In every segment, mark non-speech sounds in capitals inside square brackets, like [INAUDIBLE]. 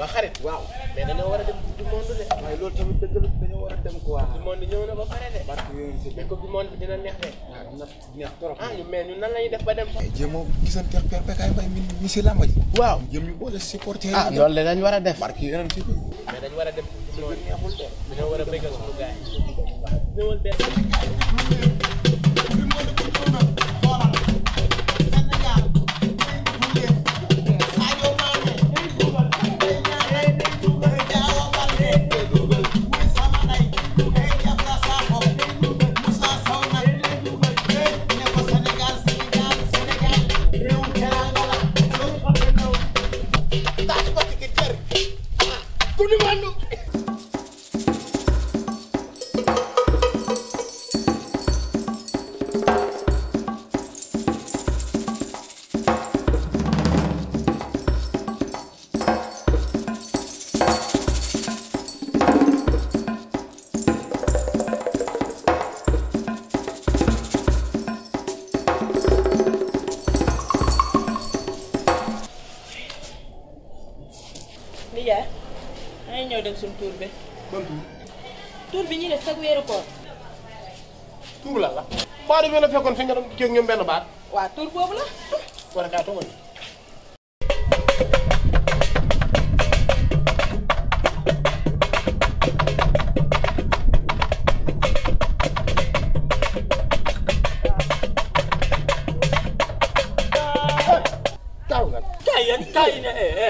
waa xarit waaw mais dañoo war a dem du monde de. ba de. parce que yooyu c'est du monde bi dina neex ah, ah, la ñuy def ba dem. jéem a gisante ak Père ah, de a def. barke yeneen ci mais dañ war a dem du a suñ tuur bi. ban tuur. tuur bi ñuy def sag weeru koor. tuur la la. baadu bi la fekkoon fi nga doon kii benn baat. waa tuur boobu la. war a kaa toogoon.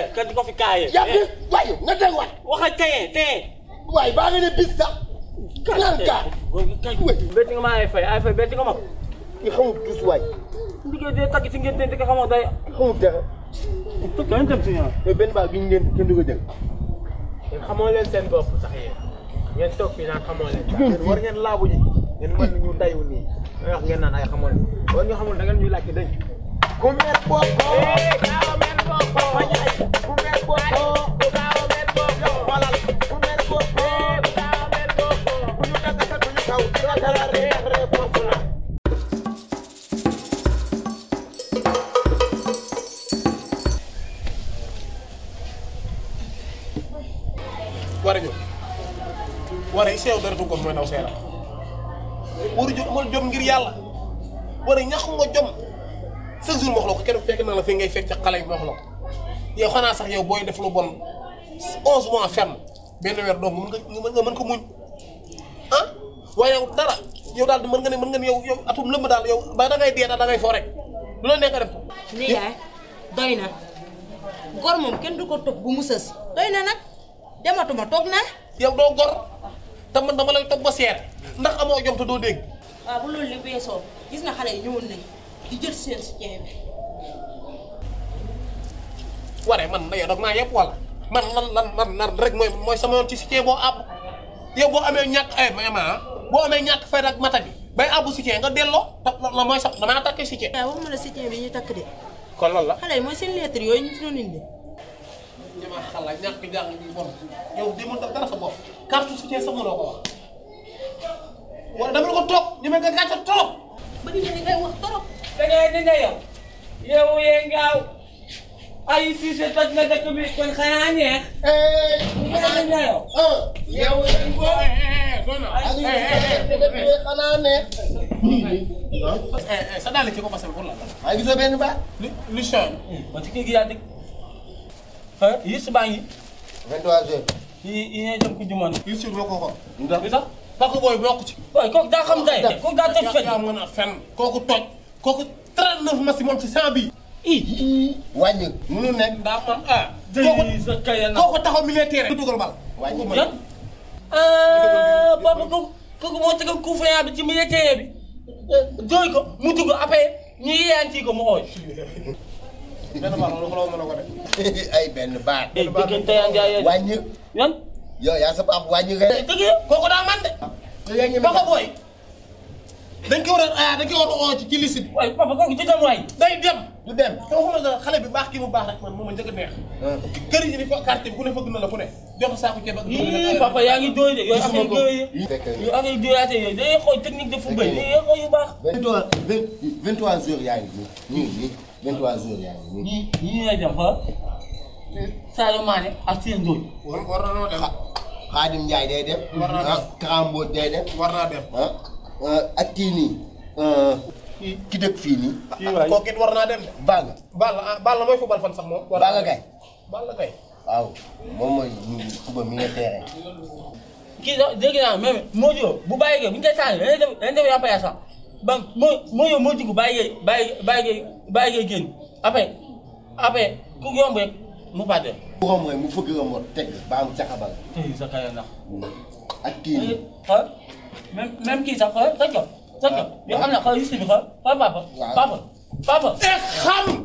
Eh, kan ko fi kaayee. yaa ngi eh. waaye nga tey waay. waxal teye teye. waay baa nga ne bis sax. kanaan kaa. bett nga ma ay fay ay fay bett nga ma. ki xamul tuus waay. liggéey dee takk si ngeen tey ka xamoo day. xamul dara. kan tam si ñaar. mais benn baa gi ñu ngeen kenn du ko jël. yéen xamoo leen seen bopp sax yéen. ngeen toog fii naan xamoo leen. war ngeen laabu ji. ngeen mën ñu dayu nii. wax ngeen naan ay xamoo leen. war ñu xamul da ngeen ñuy laajte dañ. ku mer bopp. war yi seew dara ko mooy daw seeram waru jo amal jom ngir yàlla war a ñax nga jom chaque jour moox la ko kenn fekk na la fi ngay fekk ca xale yi moox la ko yow xanaa sax yow booy def lu bon onze mois ferme benn weer doom nga mën nga mën ko muñ ah waaye yow dara yow daal mën nga ne mën nga ne yow yow atum lëmb daal yow ba da ngay dee daal da ngay foo rek lu la nekk def ko nii yaay doy na gor moom kenn du ko toog bu mu sës doy na nag dematuma toog na yow doo gor teman dama lay topp ba seet ndax amo jom te doo dégg. waaw bu lol li beso gis na xalé yi ñëwoon nañ di jël sen ci bi. waré man na yow dag maa wala man lan lan man nar rek moy moy sama yon ci ci bo ab yow bo amé ñak ay ma ma boo amee ñàkk fay rek mata bi bay ci ci nga delloo la moy sax dama takk wa waaw na ci ci bi ñu takk de. kon lan la xalé moy sen lettre yoy ñu non indi. ñeme xalaat ñàkk jàng bi bon yow di mënta dara sa bopp carte soutien sax mënoo ko wax wala dama ko toog ñeme nga gàcce trop. ba di ngay wax trop. da ngay dina yow. yow yee ngaaw. ay Cissé toj na dëkk bi kon xanaa neex. xanaa neex. yow yee ngoo. xanaa neex. Eh, eh, sa daal ci ko passé pour la. maa ngi gisoo benn ba. lu lu change. Hmm. ba ci kii gi yaa dégg. Youssou baa ngi. 23h. yi ku juman. Youssou boo ko ko. ndax ci. daa xam tey kooku daa toj fen. yaa mën a fen kooku toj kooku 39 masi moom ci 100 bi. i wàññi. munu ah. kooku kooku taxaw militaire rek. dugal bal wàññi ma yan. ah papa kooku kooku moo tegal coup franc bi ci militaire bi. Eh, jooy ko mu dugg après ñu yéeyaan ci ko mu ooy. [LAUGHS] benn baax loolu xuloo mën a ko def. [LAUGHS] ay benn baax. benn baax wàññi. yan. yow yaa sa baax wàññi kay. dëgg la kooku daa man de. papa booy. dañ ko war a ah, dañ ko war a oo ci ci liste bi. waay papa kooku ci dem waay. day dem du dem. te waxuma la xale bi baax kii mu baax rek man moom njëkk a neex. Ah. kër yi ni ko quartier bi ku ne fëgg na la ku ne. jox saako ceeb ak. papa yaa ngi doy de yooyu affaire doy yi. yooyu affaire doyaate yooyu day xool technique de football. day xool yu baax. vingt trois heures yaa ngi nii nii 23 jours yaa ngi nii. ñii ñooy dem xool Sadio Mané ak Sèye Ndoye. war na noo dem. Xaadim Ndiaye dem. war naa ah, dem Karambo day dem. war naa dem ah, ah, ak kii dëkk fii nii. kii war naa dem. Balla Balla ah Balla mooy football fan sax moom. Balla Gaye Balla Gaye. waaw moom mooy suba mi nga teeree. kii sax dégg naa même bu bàyyi ko bu ñu koy saa yëngu dañuy dem dañuy dem sax. ba moo moo yow moo dugg bàyyi ngay bàyyi bàyyi bàyyi ngay génn après ku yomb rek mu bàddee. ku romb rek mu fëgg romb teg ba mu caxabal. tey sa kaya ndax. ak kii nii. xool a ah, même kii sax xool ah, sa coow. sa ah. yu si bi xool papa. papa papa. Eh, xam.